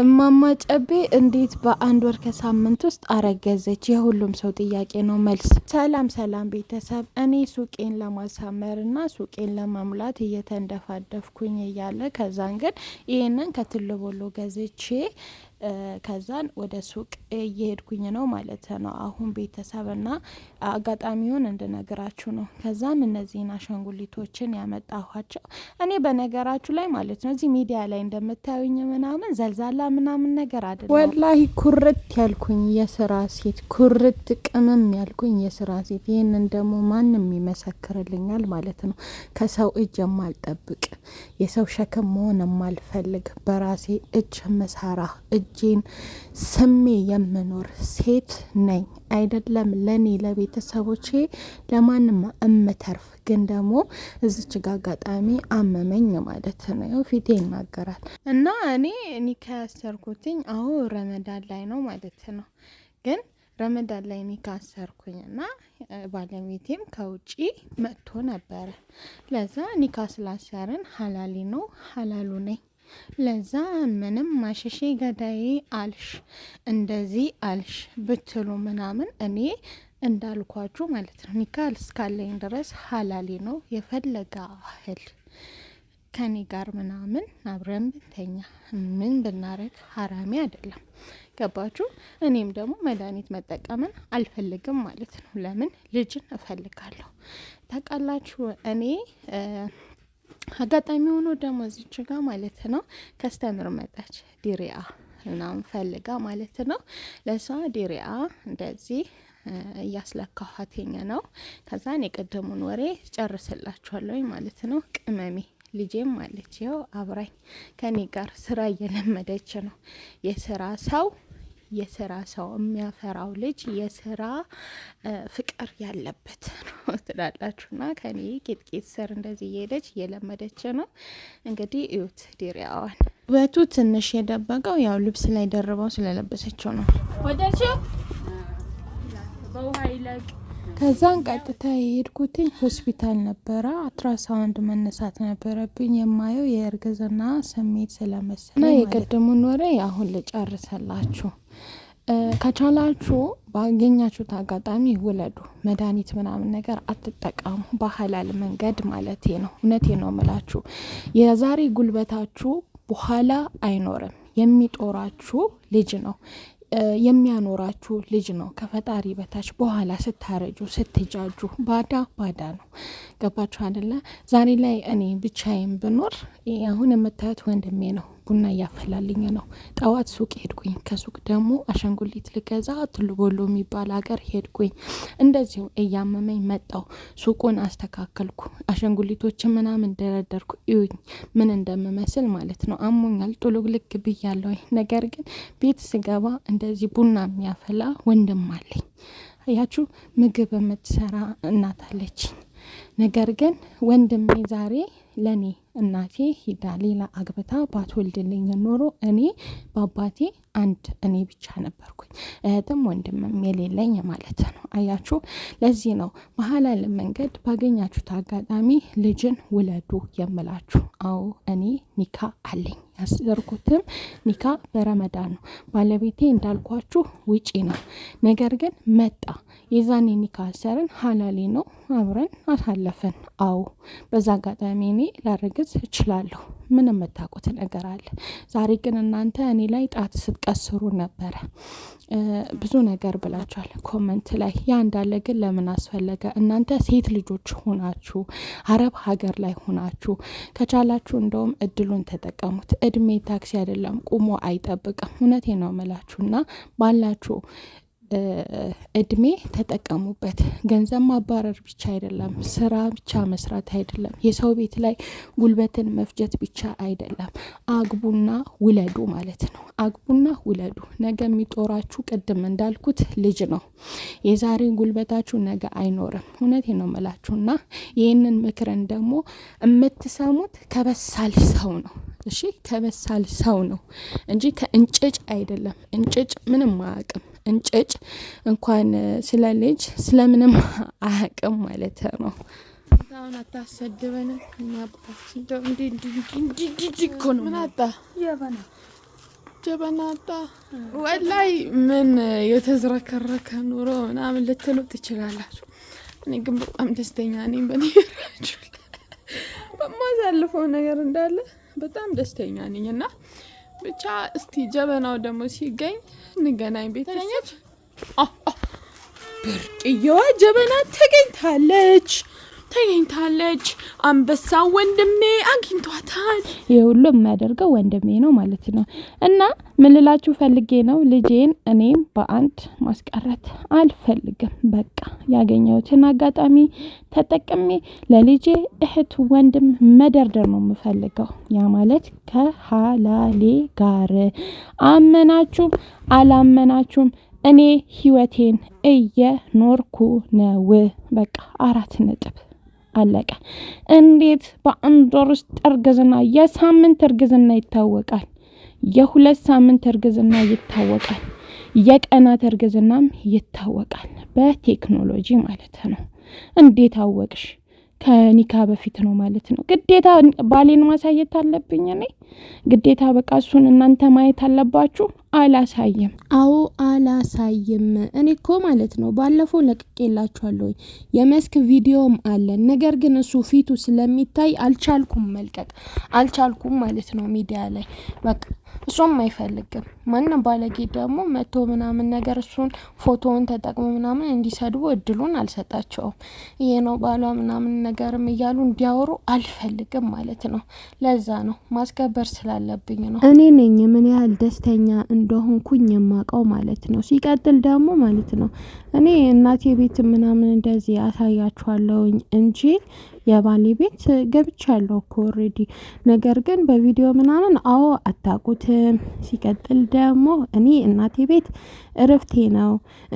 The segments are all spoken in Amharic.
እማማ ጨቤ እንዴት በአንድ ወር ከሳምንት ውስጥ አረገዘች? የሁሉም ሰው ጥያቄ ነው መልስ። ሰላም ሰላም ቤተሰብ፣ እኔ ሱቄን ለማሳመር እና ሱቄን ለመሙላት እየተንደፋደፍኩኝ እያለ ከዛን ግን ይህንን ከትልቦሎ ገዝቼ ከዛን ወደ ሱቅ እየሄድኩኝ ነው ማለት ነው። አሁን ቤተሰብ ና አጋጣሚውን እንድነግራችሁ ነው። ከዛን እነዚህን አሻንጉሊቶችን ያመጣኋቸው እኔ በነገራችሁ ላይ ማለት ነው እዚህ ሚዲያ ላይ እንደምታዩኝ ምናምን ዘልዛላ ምናምን ነገር አይደለም። ወላሂ ኩርት ያልኩኝ የስራ ሴት ኩርት ቅምም ያልኩኝ የስራ ሴት። ይህንን ደግሞ ማንም ይመሰክርልኛል ማለት ነው። ከሰው እጅ የማልጠብቅ የሰው ሸክም መሆን የማልፈልግ በራሴ እጅ መሳራ እጅ ልጄን ስሜ የምኖር ሴት ነኝ። አይደለም ለኔ ለቤተሰቦቼ ለማንም እምተርፍ ግን ደግሞ እዚች ጋ አጋጣሚ አመመኝ ማለት ነው። ፊቴ ይናገራል እና እኔ ኒካ ያሰርኩትኝ አሁ ረመዳን ላይ ነው ማለት ነው። ግን ረመዳን ላይ ኒካ አሰርኩኝ እና ባለቤቴም ከውጪ መጥቶ ነበረ። ለዛ ኒካ ስላሰርን ሀላሊ ነው ሀላሉ ነኝ ለዛ ምንም ማሸሼ ገዳዬ አልሽ እንደዚህ አልሽ ብትሉ ምናምን እኔ እንዳልኳችሁ ማለት ነው። ኒካ እስካለኝ ድረስ ሀላሌ ነው የፈለገ አህል ከኔ ጋር ምናምን አብረን ብንተኛ ምን ብናረግ ሀራሚ አይደለም። ገባችሁ? እኔም ደግሞ መድኃኒት መጠቀምን አልፈልግም ማለት ነው። ለምን ልጅን እፈልጋለሁ። ታውቃላችሁ እኔ አጋጣሚ ሆኖ ደግሞ እዚች ጋር ማለት ነው ከስተምር መጣች ዲሪያ ምናምን ፈልጋ ማለት ነው ለሷ ዲሪያ እንደዚህ እያስለካኋትኝ ነው። ከዛን የቀደሙን ወሬ ጨርስላችኋለሁ ማለት ነው ቅመሜ ልጄም ማለት ያው አብራኝ ከኔ ጋር ስራ እየለመደች ነው የስራ ሰው የስራ ሰው የሚያፈራው ልጅ የስራ ፍቅር ያለበት ነው ትላላችሁ። ና ከኔ ጌጥጌጥ ስር እንደዚህ እየሄደች እየለመደች ነው እንግዲህ እዩት ዲሪያዋን። ውበቱ ትንሽ የደበቀው ያው ልብስ ላይ ደርበው ስለለበሰችው ነው። ከዛን ቀጥታ የሄድኩትኝ ሆስፒታል ነበረ። አልትራሳውንድ መነሳት ነበረብኝ የማየው የእርግዝና ስሜት ስለመስ እና የቅድሙን ወሬ አሁን ልጨርስላችሁ። ከቻላችሁ ባገኛችሁት አጋጣሚ ውለዱ። መድኃኒት ምናምን ነገር አትጠቀሙ፣ በሀላል መንገድ ማለት ነው። እውነቴ ነው ምላችሁ የዛሬ ጉልበታችሁ በኋላ አይኖርም። የሚጦራችሁ ልጅ ነው የሚያኖራችሁ ልጅ ነው። ከፈጣሪ በታች በኋላ ስታረጁ ስትጃጁ ባዳ ባዳ ነው። ገባችሁ አደለ? ዛሬ ላይ እኔ ብቻዬን ብኖር አሁን የምታዩት ወንድሜ ነው። ቡና እያፈላልኝ ነው። ጠዋት ሱቅ ሄድኩኝ። ከሱቅ ደግሞ አሻንጉሊት ልገዛ ትልቦሎ የሚባል ሀገር ሄድኩኝ። እንደዚሁ እያመመኝ መጣው ሱቁን አስተካከልኩ። አሻንጉሊቶችን ምናምን ደረደርኩ። እዩኝ ምን እንደምመስል ማለት ነው። አሞኛል፣ ጡልግልግ ብያለሁኝ። ነገር ግን ቤት ስገባ እንደዚህ ቡና የሚያፈላ ወንድም አለኝ። ያችሁ ምግብ የምትሰራ እናት አለችኝ። ነገር ግን ወንድሜ ዛሬ ለእኔ እናቴ ሂዳ ሌላ አግብታ ባትወልድልኝ ኖሮ እኔ በአባቴ አንድ እኔ ብቻ ነበርኩኝ፣ እህትም ወንድምም የሌለኝ ማለት ነው። አያችሁ፣ ለዚህ ነው በሐላል መንገድ ባገኛችሁት አጋጣሚ ልጅን ውለዱ የምላችሁ። አዎ እኔ ኒካ አለኝ። ያሰርኩትም ኒካ በረመዳን ነው። ባለቤቴ እንዳልኳችሁ ውጪ ነው። ነገር ግን መጣ። የዛኔ ኒካ ሰርን ሀላሌ ነው አብረን አሳለፈን። አዎ በዛ አጋጣሚ እኔ ላረግዝ እችላለሁ። ምን የምታውቁት ነገር አለ። ዛሬ ግን እናንተ እኔ ላይ ጣት ስትቀስሩ ነበረ። ብዙ ነገር ብላችኋል ኮመንት ላይ። ያ እንዳለ ግን ለምን አስፈለገ? እናንተ ሴት ልጆች ሆናችሁ አረብ ሀገር ላይ ሆናችሁ ከቻላችሁ እንደውም እድሉን ተጠቀሙት። እድሜ ታክሲ አይደለም ቁሞ አይጠብቅም። እውነቴ ነው ምላችሁ እና ባላችሁ እድሜ ተጠቀሙበት። ገንዘብ ማባረር ብቻ አይደለም፣ ስራ ብቻ መስራት አይደለም፣ የሰው ቤት ላይ ጉልበትን መፍጀት ብቻ አይደለም። አግቡና ውለዱ ማለት ነው። አግቡና ውለዱ። ነገ የሚጦራችሁ ቅድም እንዳልኩት ልጅ ነው። የዛሬ ጉልበታችሁ ነገ አይኖርም። እውነት ነው የምላችሁና ይህንን ምክርን ደግሞ የምትሰሙት ከበሳል ሰው ነው። እሺ፣ ከበሳል ሰው ነው እንጂ ከእንጭጭ አይደለም። እንጭጭ ምንም አያውቅም። እንጨጭ እንኳን ስለ ልጅ ስለምንም አያቅም ማለት ነው። አሁን አታሰድበንም። ጀበና አጣ ወላይ ምን የተዝረከረከ ኑሮ ምናምን ልትሉ ትችላላችሁ። እኔ ግን በጣም ደስተኛ ነኝ። በነገራችሁ በማሳልፈው ነገር እንዳለ በጣም ደስተኛ ነኝ እና ብቻ እስቲ ጀበናው ደግሞ ሲገኝ እንገናኝ። ቤተሰብ ብርቅዬዋ ጀበና ተገኝታለች። ተገኝታለች። አንበሳ ወንድሜ አግኝቷታል። ይህ ሁሉ የሚያደርገው ወንድሜ ነው ማለት ነው። እና ምንላችሁ ፈልጌ ነው ልጄን እኔም በአንድ ማስቀረት አልፈልግም። በቃ ያገኘሁትን አጋጣሚ ተጠቅሜ ለልጄ እህት፣ ወንድም መደርደር ነው የምፈልገው። ያ ማለት ከሀላሌ ጋር አመናችሁም አላመናችሁም እኔ ህይወቴን እየኖርኩ ነው። በቃ አራት ነጥብ አለቀ። እንዴት በአንድ ወር ውስጥ እርግዝና የሳምንት እርግዝና ይታወቃል፣ የሁለት ሳምንት እርግዝና ይታወቃል፣ የቀናት እርግዝናም ይታወቃል። በቴክኖሎጂ ማለት ነው። እንዴት አወቅሽ? ከኒካ በፊት ነው ማለት ነው። ግዴታ ባሌን ማሳየት አለብኝ እኔ ግዴታ። በቃ እሱን እናንተ ማየት አለባችሁ። አላሳይም። አዎ አላሳይም። እኔ እኮ ማለት ነው ባለፈው ለቅቄላችኋለሁ የመስክ ቪዲዮም አለን። ነገር ግን እሱ ፊቱ ስለሚታይ አልቻልኩም መልቀቅ አልቻልኩም ማለት ነው ሚዲያ ላይ በቃ እሱም አይፈልግም። ማንም ባለጌ ደግሞ መቶ ምናምን ነገር እሱን ፎቶውን ተጠቅሞ ምናምን እንዲሰድቡ እድሉን አልሰጣቸውም። ይሄ ነው ባሏ ምናምን ነገርም እያሉ እንዲያወሩ አልፈልግም ማለት ነው። ለዛ ነው ማስከበር ስላለብኝ ነው። እኔ ነኝ ምን ያህል ደስተኛ እንደሆንኩኝ የማውቀው ማለት ነው። ሲቀጥል ደግሞ ማለት ነው እኔ እናቴ ቤት ምናምን እንደዚህ አሳያችኋለሁኝ እንጂ የባሌ ቤት ገብቻለሁ እኮ ኦልሬዲ። ነገር ግን በቪዲዮ ምናምን አዎ አታውቁትም። ሲቀጥል ደግሞ እኔ እናቴ ቤት እርፍቴ ነው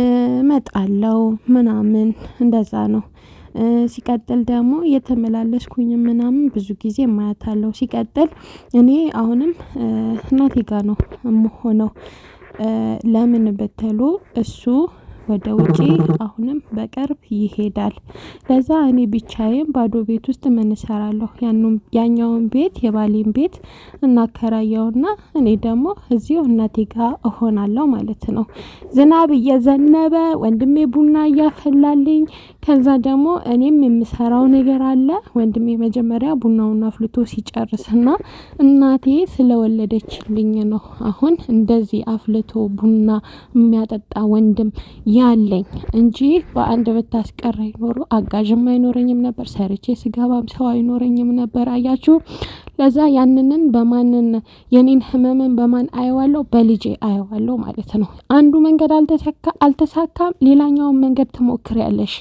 እመጣለው ምናምን እንደዛ ነው። ሲቀጥል ደግሞ የተመላለስኩኝ ምናምን ብዙ ጊዜ ማያታለው። ሲቀጥል እኔ አሁንም እናቴ ጋር ነው የምሆነው። ለምን ብትሉ እሱ ወደ ውጪ አሁንም በቅርብ ይሄዳል። ለዛ እኔ ብቻዬን ባዶ ቤት ውስጥ ምን እሰራለሁ? ያኛውን ቤት የባሌን ቤት እናከራየውና እኔ ደግሞ እዚሁ እናቴ ጋ እሆናለሁ ማለት ነው። ዝናብ እየዘነበ ወንድሜ ቡና እያፈላልኝ፣ ከዛ ደግሞ እኔም የምሰራው ነገር አለ። ወንድሜ መጀመሪያ ቡናውን አፍልቶ ሲጨርስና እናቴ ስለወለደችልኝ ነው አሁን እንደዚህ አፍልቶ ቡና የሚያጠጣ ወንድም ያለኝ እንጂ በአንድ ብታስቀረኝ ኖሮ አጋዥም አይኖረኝም ነበር። ሰርቼ ስገባም ሰው አይኖረኝም ነበር። አያችሁ፣ ለዛ ያንንን በማንን የኔን ህመምን በማን አየዋለሁ? በልጄ አየዋለሁ ማለት ነው። አንዱ መንገድ አልተሳካም፣ ሌላኛውን መንገድ ትሞክሪያለሽ።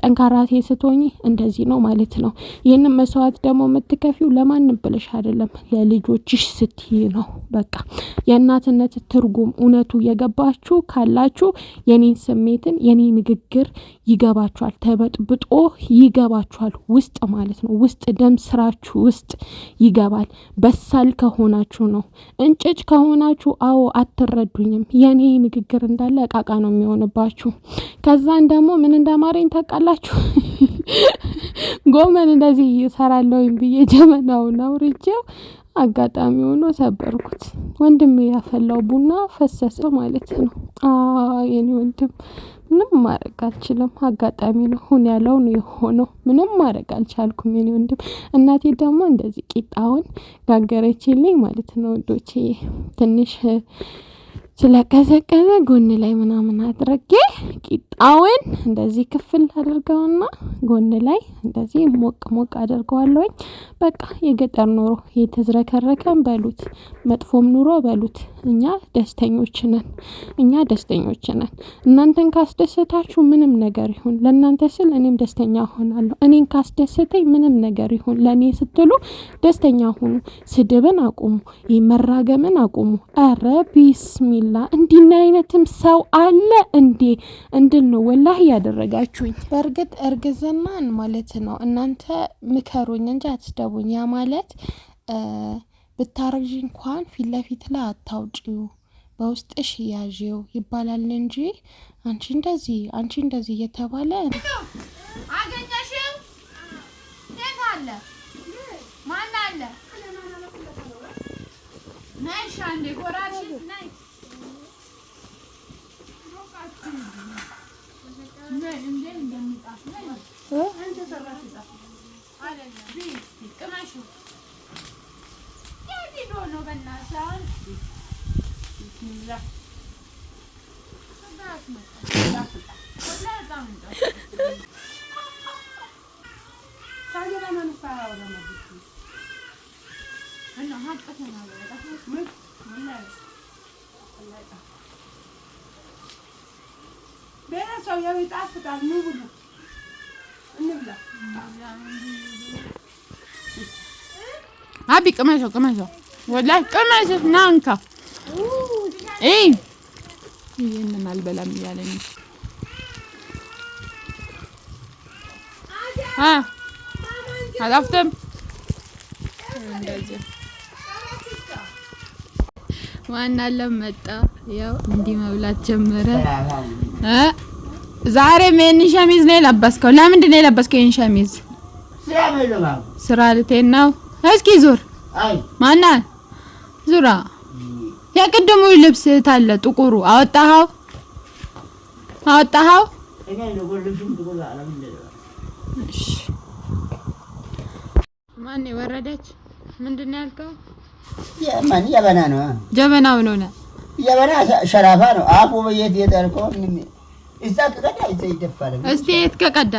ጠንካራ ሴት ስትሆኚ እንደዚህ ነው ማለት ነው። ይህንን መስዋዕት ደግሞ የምትከፊው ለማንም ብለሽ አይደለም፣ ለልጆችሽ ስትይ ነው። በቃ የእናትነት ትርጉም እውነቱ የገባችሁ ካላችሁ የኔን ስም ስሜትን የኔ ንግግር ይገባችኋል፣ ተበጥብጦ ይገባችኋል፣ ውስጥ ማለት ነው። ውስጥ ደም ስራችሁ ውስጥ ይገባል። በሳል ከሆናችሁ ነው። እንጭጭ ከሆናችሁ አዎ አትረዱኝም። የኔ ንግግር እንዳለ እቃቃ ነው የሚሆንባችሁ። ከዛን ደግሞ ምን እንደማረኝ ታውቃላችሁ? ጎመን እንደዚህ ይሰራለሁ ብዬ ጀመናውን አውርቼው አጋጣሚ ሆኖ ሰበርኩት። ወንድሜ ያፈላው ቡና ፈሰሰ ማለት ነው። የኔ ወንድም ምንም ማድረግ አልችልም። አጋጣሚ ነው ሁን ያለው ነው የሆነው። ምንም ማድረግ አልቻልኩም የኔ ወንድም። እናቴ ደግሞ እንደዚህ ቂጣውን ጋገረችልኝ ማለት ነው። ወንዶቼ ትንሽ ስለቀዘቀዘ ጎን ላይ ምናምን አድርጌ ቂጣውን እንደዚህ ክፍል አድርገውና ጎን ላይ እንደዚህ ሞቅ ሞቅ አድርገዋለሁኝ። በቃ የገጠር ኑሮ የተዝረከረከም በሉት መጥፎም ኑሮ በሉት እኛ ደስተኞች ነን። እኛ ደስተኞች ነን። እናንተን ካስደሰታችሁ ምንም ነገር ይሁን፣ ለእናንተ ስል እኔም ደስተኛ ሆናለሁ። እኔን ካስደሰተኝ ምንም ነገር ይሁን፣ ለእኔ ስትሉ ደስተኛ ሁኑ። ስድብን አቁሙ፣ መራገምን አቁሙ። ኧረ ቢስሚላ እንዲና አይነትም ሰው አለ እንዴ? እንድን ነው ወላህ እያደረጋችሁኝ። በእርግጥ እርግዝናን ማለት ነው እናንተ ምከሩኝ እንጂ አትስደቡኝ። ያ ማለት ብታረግዥ እንኳን ፊት ለፊት ላይ አታውጪው በውስጥሽ ያዥው ይባላል እንጂ አንቺ እንደዚህ አንቺ እንደዚህ እየተባለ አገኘሽው። አለ ማን አለ? እንዴ ነይ ቅመሽው ያዲዶ ነው በእናትህ አሁን ቤተሰብ የቤት ጣፍጣል ኑ ብሉ እንብላ አቢ ቅመሰው ቅመሰው፣ ወላሂ ቅመሰው። ና እንካ። ይህንን አልበላም እያለኝ አላፍተም ዋና አለም መጣ። ያው እንዲህ መብላት ጀመረ። ዛሬም ይሄን ሸሚዝ ነው የለበስከው። ለምንድን ነው የለበስከው ይሄን ሸሚዝ? ስራ ልትሄድ ነው እስኪ ዞር ማና ዙራ የቅድሙ ልብስ ታለ ጥቁሩ አወጣኸው አወጣኸው። ማን የወረደች ምንድን ነው ያልከው? ጀበና ነው ጀበናው ነው ነ ጀበና ሸራፋ ነው። አፉ በየት ምን እዛ ከቀዳ የት ይደፋል። እስቲ የት ከቀዳ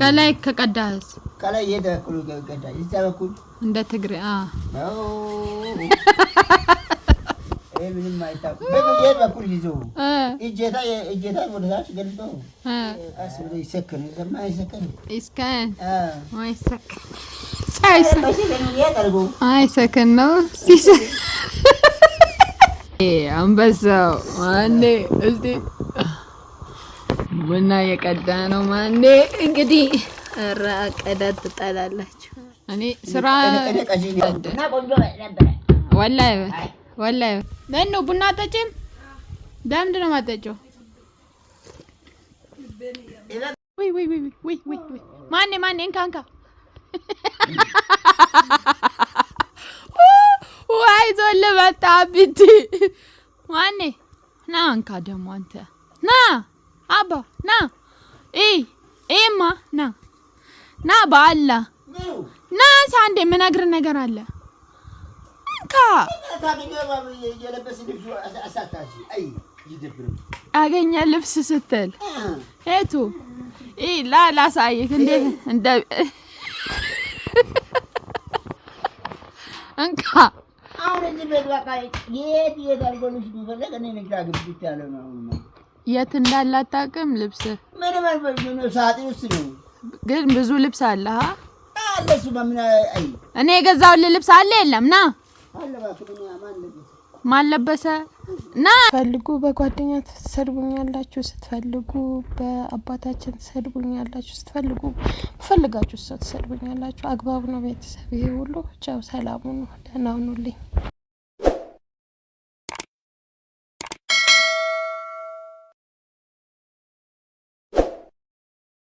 ከላይ ከቀዳስ ከላይ የት በኩል እዛ በኩል እንደ ትግሬ ይሄ ምንም አይታወቅም። የት በኩል ይዞ እጀታ እጀታ ወደ ታች ገልጠው ይሰከን አይሰከን ነው ሲሰ አንበሳው እኔ እዚህ ቡና የቀዳ ነው ማኔ እንግዲህ ኧረ ቀዳ ትጠላላችሁ። እኔ ስራ ወላሂ ወላሂ በእኑ ቡና ጠጭም ደምድ ነው የማጠጪው? ማኔ ማኔ እንካ እንካ ዋይ ዞል መጣ ብቲ ማኔ ና እንካ ደግሞ አንተ ና አባ ና ኤማ ና ና በአላ ና ሳንዴ የምነግርህ ነገር አለ። እንካ አገኘ ልብስ ስትል ሄቱ ላ ላሳይህ እንዴት እንደ እንካ አሁን እዚህ ቤት በቃ የት የት አድርጎ ልብስ የሚፈለግ እኔ ንግድ አግብት ያለ ነው። የት እንዳለ አታውቅም። ልብስ ሳጥን ውስጥ ነው፣ ግን ብዙ ልብስ አለ አለ። እሱማ ምን አይ እኔ የገዛሁልህ ልብስ አለ የለም። ና ማን ለበሰ ና ፈልጉ። በጓደኛ ትሰድቡኛላችሁ፣ ስትፈልጉ በአባታችን ትሰድቡኛላችሁ፣ ስትፈልጉ ፈልጋችሁ ሰው ትሰድቡኛላችሁ። አግባቡ ነው ቤተሰብ። ይሄ ሁሉ ቻው፣ ሰላሙ ነው። ደህና ሁኑልኝ።